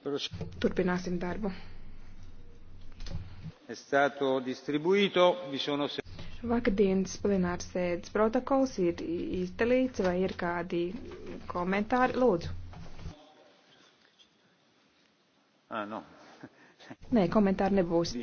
Turpināsim darbu. Vakardienas plenāras sēdes protokols ir izdalīts, vai ir kādi komentāri? Lūdzu. Ah, no. Nē, komentāri nebūs.